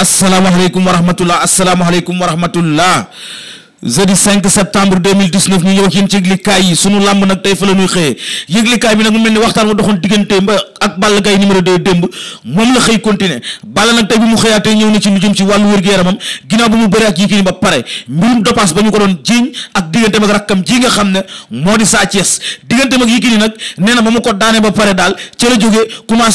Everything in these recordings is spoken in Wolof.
asalaamaaleykum wa rahmatullah asalaamaaleykum wa rahmatullah jeudi 5 septembre 2019 ñu ñëw ak yéen ci yëglikaay yi sunu làmb nag tey fa la ñuy xëyee yëglikaay bi nag mu mel ni waxtaan mu doxoon diggante ak Balla Gaye numéro 2 démb moom la xëy continuer Balla nag tey bi mu xëyaatee ñëw na ci lu ci wàllu wér-gu-yaramam ginnaaw ba mu bëri ak Yékini ba pare mbirum dopaas ba ñu ko doon jiiñ ak diggante ak rakkam ji nga xam ne moo di Sa Thiès diggante mag Yékini nag nee na ba ma ko daane ba pare daal ca la jógee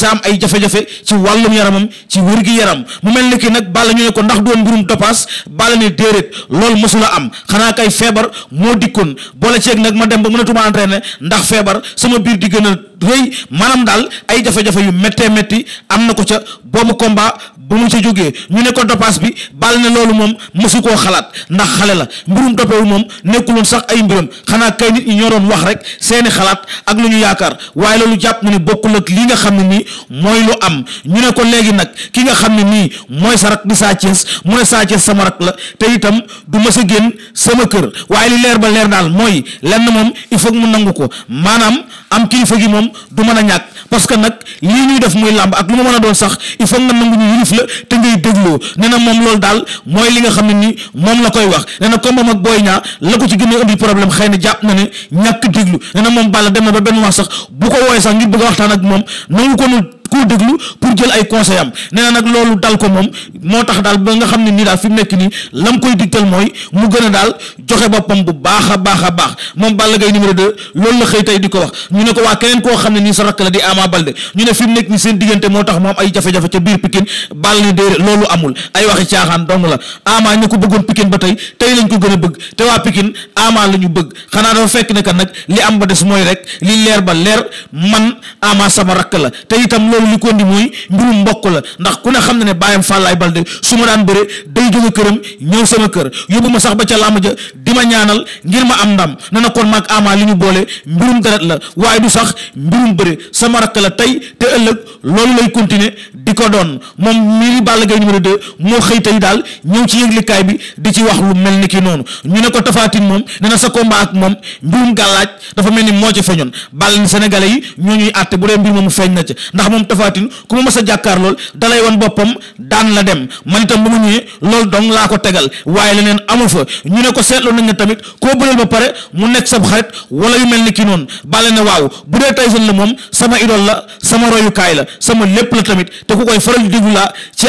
am ay jafe-jafe ci wàllum yaramam ci wér yaram mu mel ni ki nag Balla ñu ne ko ndax doon mbirum dopaas Balla ne déedéet loolu mosula am xanaa kay feebar moo dikkoon boole ceeg nag ma dem ba a mënatuma entraîner ndax feebar sama biir di gën a rëy maanaam daal ay jafe-jafe yu méttee métti am na ko ca boobu combat bu mu ca jógee ñu ne ko dopage bi bal ne loolu moom mësu koo xalaat ndax xale la mbirum dopewu moom nekkuloon sax ay mbiram xanaa kay nit ñoo doon wax rek seeni xalaat ak lu ñu yaakaar waaye loolu jàpp na ne bokkul ak li nga xam ne nii mooy lu am ñu ne ko léegi nag ki nga xam ne nii mooy sa rak di Sa Thiès mu Sa Thiès sama rak la te itam du mës a génn sama kër waaye li leer ba leer daal mooy lenn moom il faut nangu ko maanaam am kilifa gi moom du mën a ñàkk parce que nag lii ñuy def muy làmb ak lu ma mën a doon sax il faut nga nangu ñu yilif la te ngay dégloo nee na moom loolu daal mooy li nga xam ne nii moom la koy wax nee na combat ak Boy Niang la ko ci gën a indi problème xëy na jàpp na ne ñàkk déglu nee na moom Balla dem na ba benn wax sax bu ko wooyee sax ngir bëgg a waxtaan ak moom nangu ko nul koo déglu pour jël ay conseil am nee nag loolu dal ko moom moo tax daal ba nga xam ne nii daal fi mu nekk nii la mu koy digtal mooy mu gën a daal joxe boppam bu baax a baax a baax moom Balla Gaye numéro 2 loolu la xëy tey di ko wax ñu ne ko waa keneen koo xam ne nii sa rakk la di Ama Baldé ñu ne fi mu nekk nii moo tax mu am ay jafe-jafe ca biir Pikine Balla ni déere loolu amul ay waxi caaxaan dong la Ama ñu ko bëggoon Pikine ba tey tey lañ ko a fekk ne que nag ba des mooy rek li leer ba leer man Ama sama rakk la te itam loolu li ko indi mooy mbirum mbokk la ndax ku ne xam na ne bàyyam Fàllaay Balde su ma daan bëre day jóge këram ñëw sama kër yóbbu ma sax ba ca làmb ja di ma ñaanal ngir ma am ndam ne na kon maag Ama li ñu boole mbirum deret la waaye du sax mbirum bëre sama rakk la tey te ëllëg loolu lay continuer di ko doon moom mii Balla Gaye numéro 2 moo xëy daal ñëw ci yëglikaay bi di ci wax lu mel ni ki noonu ñu ne ko tafaatin moom ne sa combat ak moom mbirum gàllaaj dafa mel ni moo ci feeñoon bàll ni sénégalais yi ñoo ñuy àtte bu dee mbir moomu feeñ na ca ndax moom man tafaatin ku ma mas a jàkkaar lool dalay wan boppam daan la dem man itam bu ma ñëwee loolu dong laa ko tegal waaye leneen amu fa ñu ne ko seetloo nañ na tamit koo bëreel ba pare mu nekk sab xarit wala yu mel ni ki noonu bàlle ne waaw bu dee Tyson la moom sama idole la sama royukaay la sama lépp la tamit te ku koy faral di déglu laa ci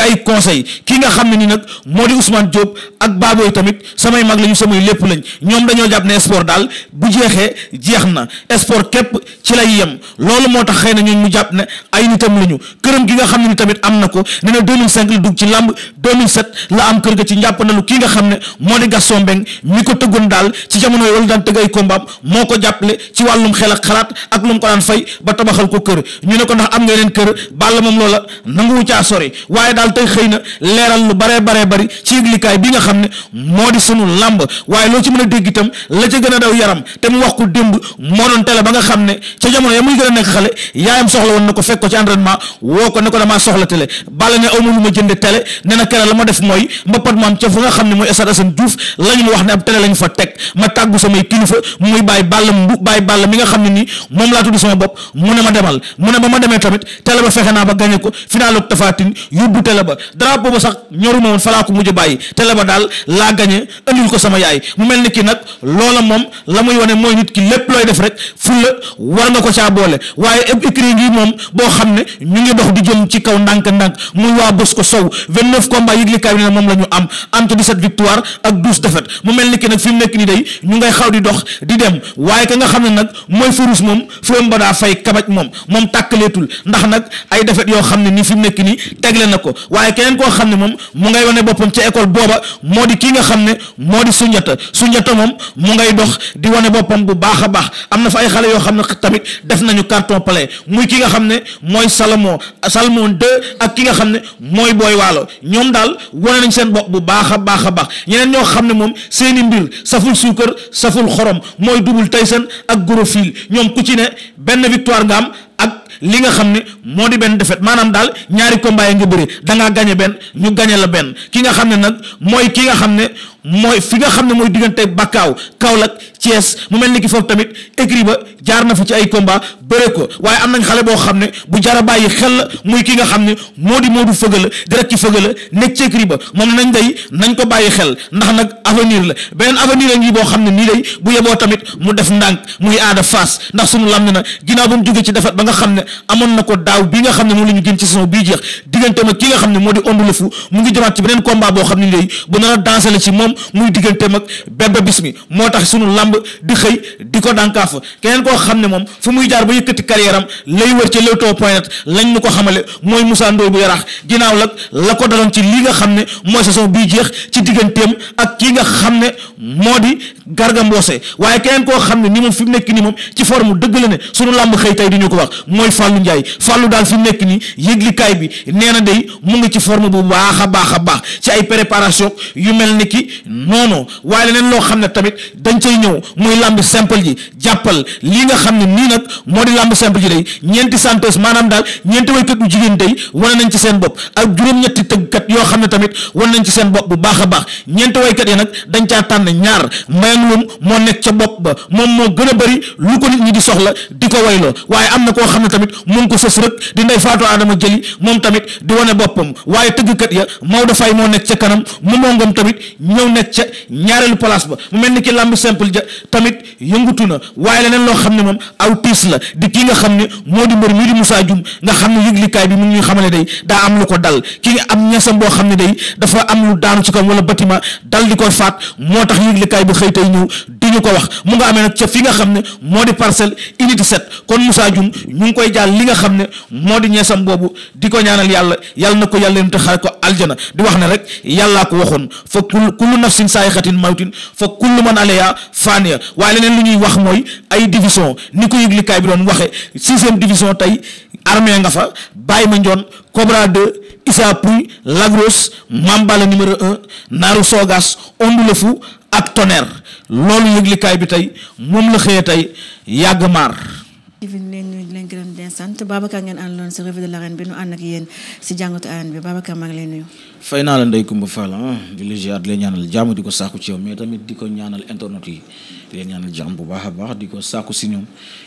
ki nga xam ne ni nag moo di Ousmane Diop ak Baboy tamit samay mag lañu samay lépp lañ ñoom dañoo jàpp ne sport daal bu jeexee jeex na sport képp ci lay yem loolu moo tax xëy na mu jàpp ne ay nit nitam lañu këram gi nga xam ne ni tamit am na ko nee na 2005 la dugg ci làmb 2007 la am kër ga ci njàppanalu kii nga xam ne moo di Gaston Mbengue mi ko tëggoon daal ci jamono yooyu wala daan tëgg ay combat moo ko jàppale ci wàllum xel ak xalaat ak lu mu ko daan fay ba tabaxal ko kër ñu ne ko ndax am nga yeneen kër Balla moom loola nanguwu caa sori waaye daal tey xëy na leeral lu baree baree bari ci yëglikaay bi nga xam ne moo di sunu làmb waaye loo ci mën a dégg itam la ca gën a daw yaram te mu wax ko démb moo doon tele ba nga xam ne ca jamono ya muy gën a nekk xale yaayam soxla woon na ko fekk ko ci entraînement woo ko ne ko damaa soxla tele Balla ne aw lu ma jënd tele ne keroog la ma def mooy mbappat maam ca fa nga xam ne mooy Stade Assane Diouf la ñu ma wax ne ab télé lañ fa teg ma tàggu samay kilifa muy bàyyi bàll mbu nga xam ne nii moom laa tudd sama bopp mu ne ma demal mu ne ba ma demee tamit télé ba fexe naa ba gagné ko final ak tafatin yóbbu télé ba drapeau ba sax ñoruma woon falaa ko mujj bàyyi télé ba daal laa gagné andil ko sama yaay mu mel ni ki nag loola moom la muy wane mooy nit ki lépp looy def rek fulla war nga ko caa boole waaye écrit ngi moom boo xam ne ñu ngi dox di jëm ci kaw ndànk-ndànk combat yëglikaay bi ne moom la ñu am am te 17 victoire ak 12 défaite mu mel ni ki nag fi mu nekk ni day ñu ngay xaw di dox di dem waaye ka nga xam ne nag mooy Fourouz moom fëm ba daa fay kabaj moom moom tàkkaleetul ndax nag ay défaite yoo xam ne nii fi mu nekk nii tegle na ko waaye keneen koo xam ne moom mu ngay wane boppam ca école booba moo di kii nga xam ne moo di Sunjata Sunjata moom mu ngay dox di wane boppam bu baax a baax am na fa ay xale yoo xam ne tamit def nañu carton plein muy ki nga xam ne mooy Salomon Salomon de ak ki nga xam ne mooy booy Waalo ñoom daal wane nañ seen bopp bu baax a baax a baax ñeneen ñoo xam ne moom seeni mbir saful suukar saful xorom mooy dubul Tyson ak Gorofil ñoom ku ci ne benn victoire nga am ak li nga xam ne moo di benn defet maanaam daal ñaari combat yi nga bëri dangaa gañe benn ñu gañe la benn ki nga xam ne nag mooy ki nga xam ne mooy fi nga xam ne mooy diggante Bakaaw Kaolack Thiès mu mel ni ki foofu tamit écrit ba jaar na fa ci ay combat bëre ko waaye am nañ xale boo xam ne bu jara bàyyi xel la muy ki nga xam ne moo di Modou Feugueux la direct ci Feugueux la nekk ci ba moom nañ day nañ ko bàyyi xel ndax nag avenir la beneen avenir la ngi boo xam ne nii day bu yeboo tamit mu def ndànk muy aada faas ndax sunu lam ne na ginnaaw ba mu jógee ci defet ba nga xam ne amoon na ko daaw bi nga xam ne moom la ñu gën ci saison bii jeex ki nga xam ne moo di ondu lëfu mu ngi jëmaat ci beneen combat boo xam ne nii day bu nar a dansé la ci moom muy digganteem ak Bébé Bismi moo tax sunu lamb di xëy di ko dànkaaf keneen koo xam ne moom fu muy jaar ba yëkkati carrière am lay wër ca Leewtoo point net lañ ñu ko xamale mooy Moussa Ndoye bu yaraax ginnaaw lag la ko daloon ci li nga xam ne mooy saison bii jeex ci digganteem ak kii nga xam ne moo di Garga Mbossé waaye keneen koo xam ne ni moom fi mu nekk nii moom ci forme dëgg la ne sunu lamb xëy tey du ñu ko wax mooy Fallou Ndiaye Fallou daal fi mu nekk nii yëglikaay bi nee na day mu ngi ci forme bu baax a baax a baax ci ay préparation yu mel non non waaye leneen loo xam ne tamit dañ cay ñëw muy làmbi simple ji jàppal lii nga xam ne nii nag moo di làmb simple ji day ñeenti chanteuse maanaam daal ñeenti waykat yu jigéen day wane nañ ci seen bopp ak juróom-ñetti tëggkat yoo xam ne tamit wane nañ ci seen bopp bu baax a baax ñeenti waykat yi nag dañ caa tànn ñaar mbayang lum moo nekk ca bopp ba moom moo gën a bëri lu ko nit ñi di soxla di ko wayloo waaye am na koo xam ne tamit mu ngi ko sës rek di ndey faatu aadama jëli moom tamit di wane boppam waaye tëggkat ya Maodo Faye moo nekk ca kanam mu mongom tamit ñëw nekk ca ñaareelu ba mu mel ni ki làmb simple ja tamit waaye leneen loo xam ne moom aw tiis la di kii nga xam ne moo di mbër mii di Moussa Dioum nga xam ne yëglikaay bi mu ngi ñuy xamale day daa am lu ko dal kii am ñasam boo xam ne day dafa am lu daanu wala bâtiment dal di koy faat moo tax yëglikaay bu xëy tey ñëw di ñu ko wax mu nga amee nag ca fi nga xam ne moo di parcelle unité kon Moussa Dioum ñu ngi koy jaal li nga xam ne moo di ñeesam boobu di ko ñaanal yàlla yàlla na ko yàlla leen te ko aljana di wax ne rek yàllaa ko waxoon fa kullu nafsin saayixatin mawtin fa kullu man aleya faaniya waaye leneen lu ñuy wax mooy ay division ni ko yëglikaay bi doon waxe sixième division tey armée nga fa Baye Mandione Cobra 2 Issa Pouye Lagros Mambala numéro un Naaru Sogas Ondoulefu ak Tonnerre loolu yëglikaay bi tey moom la xëyee tey yàgg maar TV ñu leen nuyu di leen gërëm di leen sant Babacar ngeen àndaloon si revue naa la Ndeye Coumba Fall ah, di la ziar di ko sàkku ci yow mais tamit di ko ñaanal internet yi di ñaanal jàmm bu baax a baax di ko sàkku si ñoom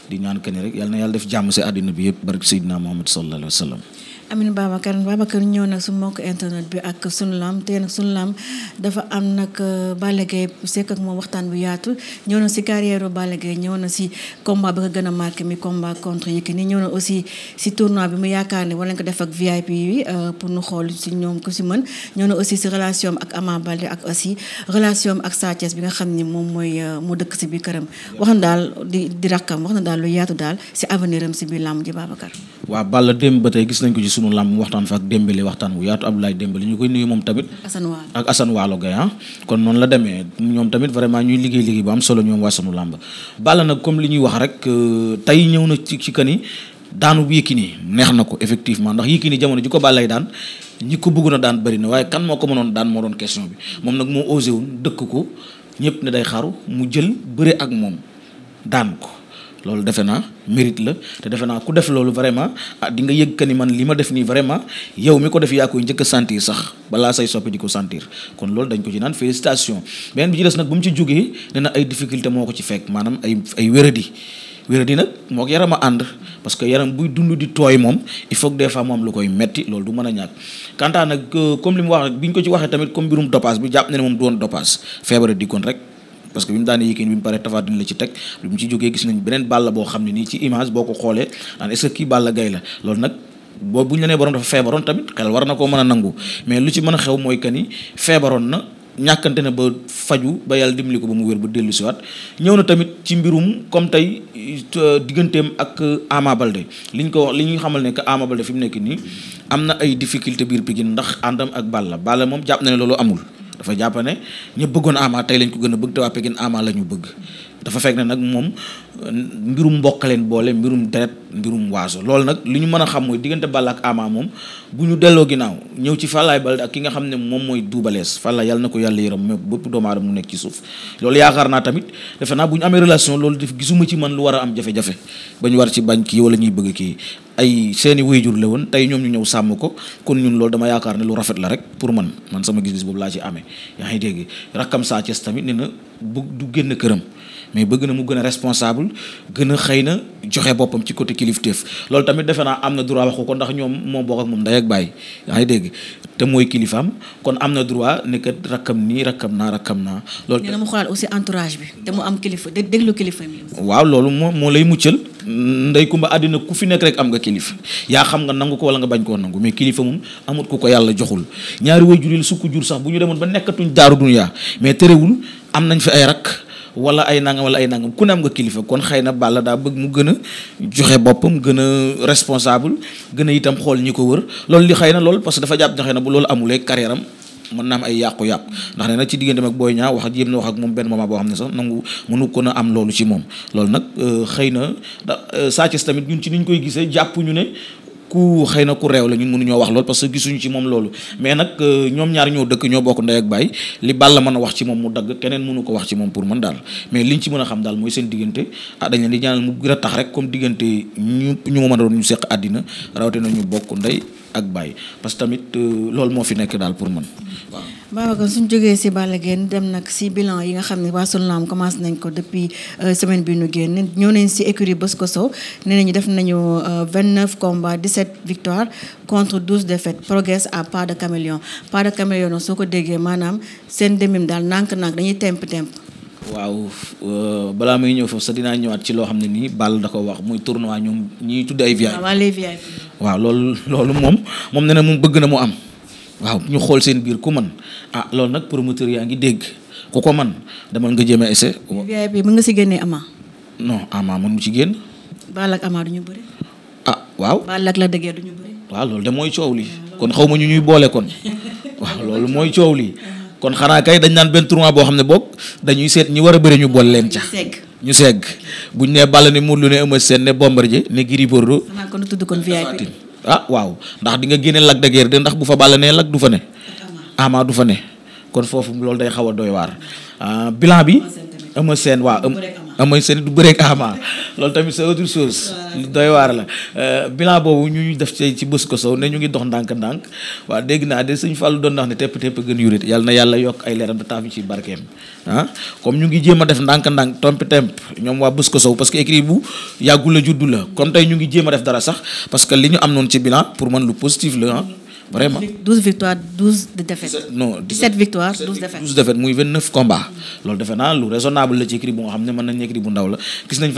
di ñaan kenn rek yal na yàlla def jàmm si àddina bi yëpp barke Seydina Muhammad sallallahu alayhi wa sallam Amine Babacar Babacar ñëw nag su mbokk internet bi ak sunu lam te nag sunu lam dafa am nag euh, Balla Gaye sekk ak moom waxtaan bu yaatu ñëw na si carrière Balla Gaye ñëw na si combat bi gën a marqué mi combat contre Yékini ñëw na aussi si tournoi bi mu yaakaar ne wala nga ko def ak VIP euh, pour nu xool si ñoom ku si mën ñëw na aussi si relation ak Ama Baldé ak aussi relation ak Sa bi nga xam ni moom mooy euh, mu dëkk si biir këram wax na daal di di rakkam wax na daal lu yaatu daal si avenir am si biir làmb ji Babacar. sunu làmb waxtaan fa ak Dembélé waxtaan wu yaatu Abdoulaye Dembélé ñu koy nuyu moom tamit. ak Assane Waalo Gaye ah kon noonu la demee ñoom tamit vraiment ñuy liggéey liggéey bu am solo ñoom waa sunu làmb Balla nag comme li ñuy wax rek euh, tey ñëw na ci ci kani daanu bu Yékini neex na ko effectivement ndax ki Yékini jamono ji ko Balla lay daan ñi ko bëggoon a daan bëri na waaye kan moo ko mënoon daan moo doon question bi moom nag moo osé woon dëkk ko ñëpp ne day xaru mu jël bëre ak moom ko. loolu defe naa mérite la te defe naa ku def loolu vraiment ah di nga yëg que ni man li ma def nii vraiment yow mi ko def yaa koy njëkk a sax balaa say soppi di ko sentir kon loolu dañ ko ci naan félicitation beneen bi ci des nag bu mu ci jógee nee na ay difficulté moo ko ci fekk maanaam ay ay wéradi wéradi nag moo ko yaram a ànd parce que yaram buy dund di moom il faut que lu koy metti lool du mën a ñàkk quant à nag euh, comme li mu wax rek bi ñu ko ci waxee tamit comme mbirum dopage bi jàpp na ne moom du woon dopage di kon rek parce que bi mu daanee Yékini bi mu paree Tapha Tine ci teg bi mu ci jógee gis nañ beneen Balla boo xam ne nii ci image boo ko xoolee daan est-ce que kii Balla Gaye la loolu nag boo bu ñu la dafa feebaroon tamit war na koo mën a nangu mais lu ci mën a xew mooy que ni feebaroon na ñàkkante na ba faju ba yàlla dimbali ko ba mu wér ba dellu siwaat ñëw na tamit ci mbirum comme tey euh, digganteem ak Ama Baldé li ñu ko wax li ñuy xamal ne que Ama fi mu nekk nii am na ay difficulté biir Pikine ndax àndam ak Balla Balla moom jàpp na ne loolu amul dafa jàpp ne ñëpp bëggoon Ama tey lañ ko gën a bëgg te waa Pikine Ama la ñu bëgg dafa fekk ne nag moom euh, mbirum mbokk leen boole mbirum deret mbirum waaso loolu nag lu ñu mën a xam mooy diggante Balla ak Ama moom bu ñu delloo ginnaaw ñëw ci Falaye Baldé ak ki nga xam ne moom mooy duubalees Falaye yal na ko yàlla yaram mais bépp mu nekk ci suuf loolu yaakaar naa tamit defe bu ñu amee relation loolu def gisuma ci man lu war a am jafe-jafe ba ñu war ci bañ kii wala ñuy bëgg kii ay seeni wéyjur la woon tey ñoom ñu ñëw sàmm ko kon ñun loolu dama yaakaar ne lu rafet la rek pour man man sama gis boobu laa ci amee yaa ngi dégg rakkam Sa Thiès tamit nee na bu du génn këram mais bëgg na mu gën a responsable gën a xëy na joxe boppam ci côté kilifteef loolu tamit defe naa am na droit wax ko ndax ñoom moo bokk moom ndey ak bàyyi yaa ngi dégg te mooy kilifaam kon am na droit ne kat rakkam nii rakkam naa rakkam naa. loolu nee mu xoolaat aussi entourage bi te mu am kilifa déglu kilifa mi. waaw loolu moo moo lay muccal ndey kumba àddina ku fi nekk rek am nga kilifa yaa xam nga nangu ko wala nga bañ koo nangu mais kilifa moom amut ku ko yàlla joxul ñaari way juril sukk jur sax bu ñu demoon ba nekkatuñ daaru dunya mais terewul am nañ fi ay rakk. wala ay nangam wala ay nangam ku ne am nga kilifa kon xëy na Balla daa bëgg mu gën a joxe boppam gën a responsable gën a itam xool ñi ko wër loolu li xëy na loolu parce que dafa jàpp ne xëy na bu loolu amulee carrière am mën naa am ay yàqu-yàqu ndax ne na ci diggante ak Boy Niang wax ak yéen wax ak moom benn moment boo xam ne sax nangu mënu ko na am loolu ci moom loolu nag euh, xëy na da euh, tamit ñun ci niñ koy gisee jàpp ñu ne ku xëy na ku réew la ñun mënuñoo wax lool parce que gisuñu ci moom loolu mais nag euh, ñoom ñaar ñoo dëkk ñoo bokk ndey ak baay li Balla mën a wax ci moom mu dagg keneen mënu ko wax ci moom pour man daal mais liñ ci mën a xam daal mooy seen diggante ah dañ leen di ñaanal mu gën a tax rek comme diggante ñu ñu ma mën a doon ñu seq àddina rawatina ñu bokk ndey ak Baye parce que tamit euh, loolu moo fi nekk daal pour man waaw. Babacar suñ jógee si Balla Gaye dem nag si bilan yi nga xam ne waa sunu lamb commencé nañ ko depuis euh, semaine bi ñu génn ñoo nañ si écurie Bosco Sow nee nañu def nañu 29 euh, combats 17 victoires contre 12 défaites progrès à pas de caméléon pas de caméléon soo ko déggee maanaam seen demim daal nank nànk dañuy temp temp waaw euh, balaa may ñëw foofu sa dinaa ñëwaat ci loo xam ne nii Ball da ko wax muy tournoi ñoom ñuy tudd ay VIP waaw loolu loolu moom moom nee na moom bëgg na mu am waaw ñu xool seen biir ku man ah loolu nag promoteur yaa ngi dégg ku ko man demal nga jéem a essayé VIP mën nga si génnee Ama non Ama mën mu ci génn Ball ak Ama duñu bëri ah waaw Ball la dëggee duñu bëri waaw loolu de mooy coow li ah, kon xaw ma ñu ñuy boole kon waaw loolu mooy coow li kon xanaa kay dañ naan benn tournoi boo xam ne boog dañuy seet ñi war a bëri ñu bool leen ca. ñu segg buñ ne Balla ne Modou Lô ne Eumeu Sène ne Bombardier ne Gris Bordeaux. kon tudd kon VIP ah waaw ndax di nga génne lag de Guiers de ndax bu fa Balla nee lag du fa ne. Ama du fa ne kon foofu loolu day xaw a doy waar ah, bilan bi. Eumeu Sène waaw Eumeu Sène du bëreeg Ama loolu tamit c'est autre chose doy waar la euh, bilan boobu ñu def ci ci bës ko sow ne ñu ngi dox ndànk-ndànk waaw dégg naa de suñ fàllu doon wax ne tepp tepp gën yurit yàlla na yàlla yokk ay leeram te taaf ñu ci barkeem ah, comme ñu ngi jéem a def ndànk-ndànk tompi temp ñoom waa bës ko sow parce que écrit bu yàggul la juddu la comme tey ñu ngi jéem def dara sax parce que li ñu am noonu ci bilan pour man lu positif ah. vraiment 12 victoires 12 défaites. non 17 victoires 12 défaites 12 défaites muy 29 combats. loolu defe naa lu raisonnable la ci écrit bu nga fa tamit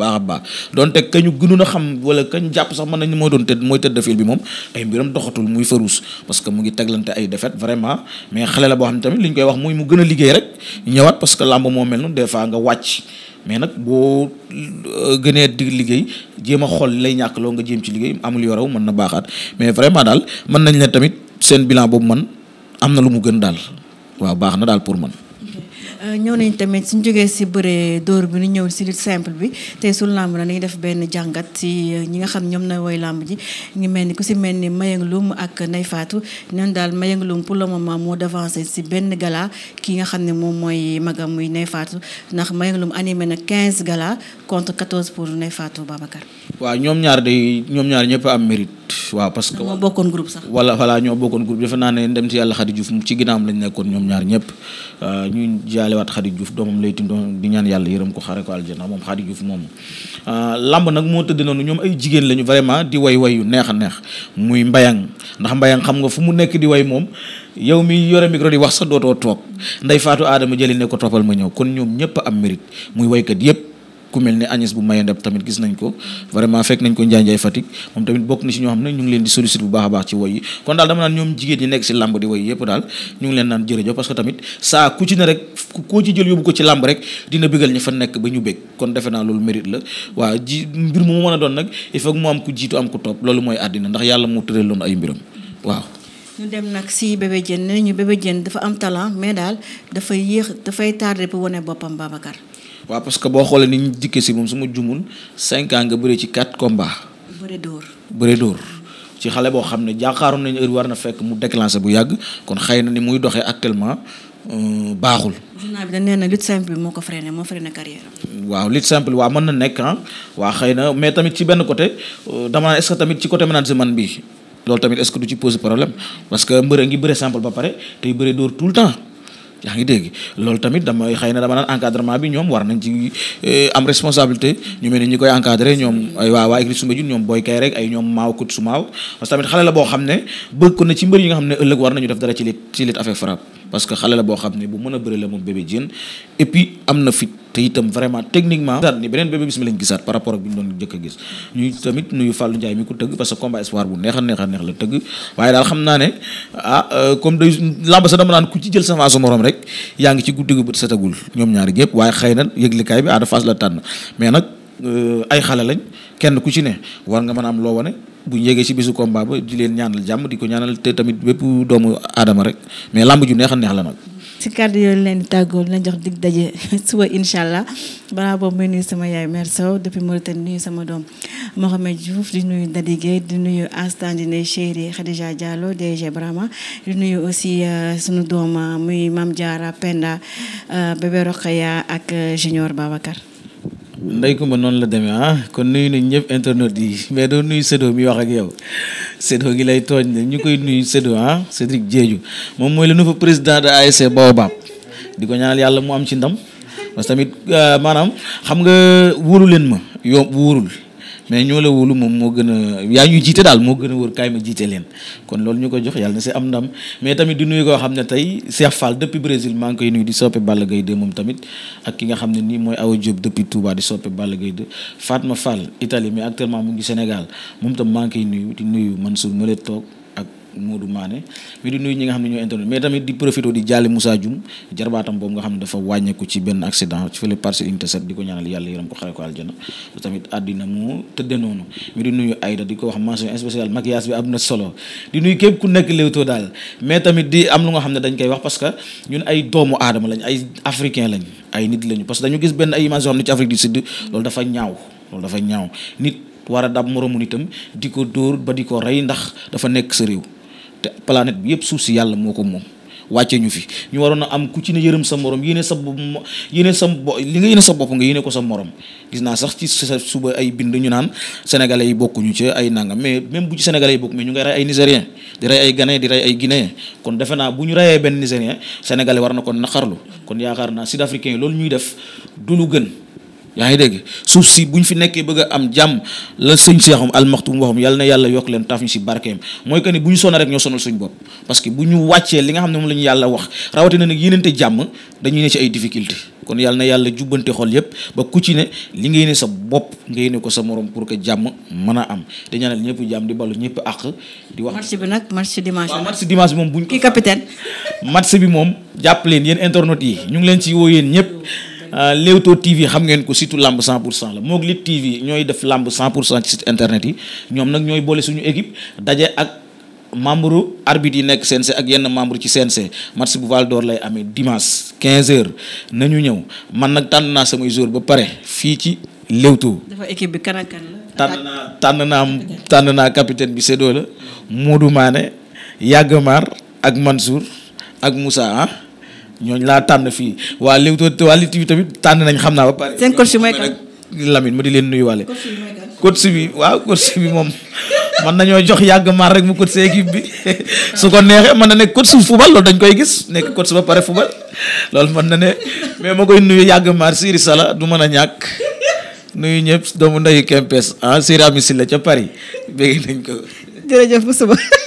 a baax donte kañu gënu na moo doon tëdd mooy tëdd fil parce que mu ngi teglante ay défaites vraiment mais xale la boo xam ne tamit li ñu koy wax muy mu gën a liggéey rek ñëwaat parce que làmb moo mel noonu des nga wàcc mais nag boo euh, gënee di liggéey jéem a xool lay ñàkk loo nga jéem ci liggéey amul yoraw mën na baaxaat mais vraiment daal mën nañ ne tamit seen bilan boobu man am na lu mu gën daal waaw baax na daal pour man Euh, ñëw nañ tamit suñ jógee si bëre dóor bi ñu ñëw bi tey suñu làmb na dañuy def benn jàngat si euh, ñi nga xam ñoom na woy làmb ji ngi mel ni ku si mel ni Mayang Loum ak Ndeye Fatou ñoom daal Mayang Loum pour le moment moo devancé si benn gala ki nga xam ne moom mooy magam muy Ndeye Fatou ndax Mayang Loum animé na 15 gala contre 14 pour Ndeye Fatou Babacar. ñoom ñaar day ñoom ñaar ñëpp am mérite waaw parce que. ñoo bokkoon groupe sax. wala voilà ñoo bokkoon groupe defe naa ne dem ci yàlla Xadi Diouf ci ginnaawam lañ nekkoon ñoom ñaar ñëpp euh, ñu jaalewaat Khady Diouf doomam lay tindoon di ñaan yàlla yërëm ko xare ko aljana moom Khady Diouf moomu ah, lamb nag moo tëdd noonu ñoom ay jigéen lañu vraiment di way way yu neex a neex muy mbayang ndax mbayang xam nga fu mu nekk di way moom yow mi yore micro di wax sa dootoo toog nday faatu aadama jëli ne ko toppal ma ñëw kon ñoom ñëpp am mérite muy waykat yëpp ku mel ne Agnès bu Mayendab tamit gis nañ ko vraiment fekk nañ ko Njaay Njaay Fatick moom tamit bokk na ci ñoo xam ne ñu ngi leen di solliciter bu baax ci woy yi kon daal dama naan ñoom jigéen ñi nekk ci làmb di woy yëpp daal ñu ngi leen naan jërëjëf parce nekk ba ñu bëgg kon defe naa loolu mérite la waaw ji mbir mu mën a doon nag il faut mu am ku jiitu am ku topp loolu mooy àddina ndax yàlla moo tëral loon ay mbiram waaw ñu dem nag si bébé jën ñu waaw parce que boo xoolee ni ñu dikkee si moom su ma jumun cinq ans nga bëree ci quatre combats. bëre dóor bëre dóor. ci xale boo xam ne jàkkaaroon nañu heure war na fekk mu déclenché bu yàgg kon xëy na ni muy doxee actuellement euh, baaxul. journal bi dañ simple moo ko freiné moo freiné carrière waaw lutte mën na nekk ah. waa xëy na mais tamit ci benn côté euh, dama naan est ce que tamit ci côté management bi loolu tamit est ce que du ci pose problème parce que mbër a ngi bëre simple ba pare tey bëre dóor tout le temps. yaa ngi dégg loolu tamit damay xëy na dama naan encadrement bi ñoom war nañ ci eh, am responsabilité ñu mel ni ñi koy encadré ñoom ay waa waa écrit Soumbédioune ñoom booy kay rek ay ñoom maaw kut su maaw parce que tamit xale la boo xam ne bëgg ko na ci mbër yi nga xam ne ëllëg war nañu def dara ci lit ci lit affaire frappe parce que xale la boo xam ne bu mën a bëri la moom bébé Diène et puis am na fit te itam vraiment techniquement gisaat ni beneen bébé bismi lañ gisaat par rapport ak bi ñu doon jëkk a gis ñuy tamit nuyu Fallou Ndiaye mi ko tëgg parce que combat espoir bu neex a neex a neex la tëgg waaye daal xam naa ne ah euh, comme day làmb sa dama naan ku ci jël sa face morom rek yaa ngi ci guddi gu bët setagul ñoom ñaari gépp waaye xay na yëglikaay bi Ada Fass la tànn mais nag euh, ay xale lañ kenn ku ci ne war nga mën a am loo wane bu ñu yegee ci bisu combat ba di leen ñaanal jàmm di ko ñaanal te tamit bépp doomu aadama rek mais làmb ju neex a neex la nag. ci kàddu yooyu leen tàggoo la jox dig daje suba incha allah balaa boobu may nuyu sama yaay mère Sow depuis Mauritanie nuyu sama doom moo Mohamed Diouf di nuyu Dadi di nuyu Astandine Chéri Khadija Diallo de Brahma di nuyu aussi euh, sunu doom euh, muy Mame Diarra Penda euh, bébé Rokhaya ak Junior Babacar. ndey ku ma noonu la demee ah kon nuyu nañ ñëpp internet yi mais doo nuyu Sédho mi wax ak yow Sédho gi lay tooñ na ñu koy nuyu Sédho ah Cédric Diédhiou moom mooy la nu nouveau président de ASC Baobab di ko ñaanal yàlla mu am ci ndam parce que tamit euh, maanaam xam nga wóoru leen ma yomb wóorul mais ñoo la wóolu moom moo gën a yaa ñu jiite daal moo gën a wër kaay ma jiite leen kon loolu ñu ko jox yàlla na si am ndam mais tamit di nuyu koo xam ne tey Cheikh Fall depuis Brésil maa ngi koy nuyu di soppe Balla gay 2 moom tamit ak ki nga xam ne nii mooy Awa Diop depuis Touba di soppe Balla Gaye 2 Fatma Fall Italie mais actuellement mu ngi Sénégal moom tam maa ngi koy nuyu di nuyu suur ma leen toog Modou Mané mais di nuyu ñi nga xam ne ñoo internet mais tamit di profité di jaale Moussa Dioum jarbaatam boobu nga xam ne dafa wàññeeku ci benn accident ci fële Parcelles Unité 7 di ko ñaanal yàlla yërëm ko xare mu di nuyu Aïda di ko wax mention spéciale maquillage bi am na solo di nuyu képp ku nekk Leewtoo daal mais tamit di am lu nga xam ne dañ koy wax parce que ñun ay doomu aadama lañ ay africain lañ ay nit lañu parce que dañu gis benn ay image yoo xam ne ci Afrique loolu dafa ñaaw loolu dafa ñaaw war a dab moroomu nitam di ko dóor ba di ko rey ndax dafa nekk sa réew te planète bi yëpp suuf si yàlla moo ko moom wàcce ñu fi ñu waroon a am ku ci ne yërëm sa morom yéene sa bopp bo li nga yéene sa bopp nga yéene ko sa morom gis naa sax ci sa suba ay bind ñu naan sénégalais yi bokkuñu ci ay nangam mais même bu ci sénégalais yi bokk mais ñu ngay rey ay nigérien di rey ay ghanéen di rey ay guinéen kon defe naa bu ñu reyee benn nigérien sénégalais war na ko naqarlu kon yaakaar naa sud africain yi loolu ñuy def du lu gën yaa ngi dégg suuf si bu ñu fi nekkee bëgg am jàmm la sëñ seexam almaxtum waxam yàlla na yàlla yokk leen taf ñu si barkeem mooy que ni bu ñu sona rek ñoo sonal suñ bopp parce que bu ñu wàccee li nga xam ne moom la ñu yàlla wax rawatina nag yénente jàmm dañuy ne ci ay difficulté kon yàlla na yàlla jubbante xol yépp ba ku ci ne li ngay ne sa bopp ngay ne ko sa morom pour que jàmm mën a am te ñaanal ñëpp jàmm di ballu ñëpp àq di wax match bi nag match dimanche match dimanche bi moom buñ kii capitaine match bi moom jàpp leen yéen internautes yi ñu ngi leen ci woo yéen ñëpp Euh, Leewtoo TV xam ngeen ko surtout lamb 100 pour cent la moog Lutte TV ñooy def lamb 100 pour cent ci site internet yi ñoom nag ñooy boole suñu équipe daje ak. membre yi nekk CNC ak yenn membre ci CNC match bu Val d'Or lay amee dimanche 15h nañu ñëw man nag tànn naa samay joueur ba pare fii ci Leewtoo. dafa équipe bi kan ak kan tànn naa tànn naa tànn bi Séddo la Modou Mané Yagmar ak Mansour ak ah. ñooñu laa tànn fii waa Leewtoo waa Leewtoo tamit tànn nañ xam naa ba pare. seen coach mooy kan Lamine ma di leen nuyuwaale. coach bi waaw coach bi moom mën nañoo jox yàgg maar rek mu coach équipe bi su ko neexee mën na nekk coach football loolu dañ koy gis nekk coach ba pare football loolu mën na ne mais ma koy nuyu yàgg maar Siri Sala du mën a ñàkk. nuyu ñëpp doomu ndeyu Kempes ah Sira Missi la ca Paris bëgg nañ ko. jëf bu suba.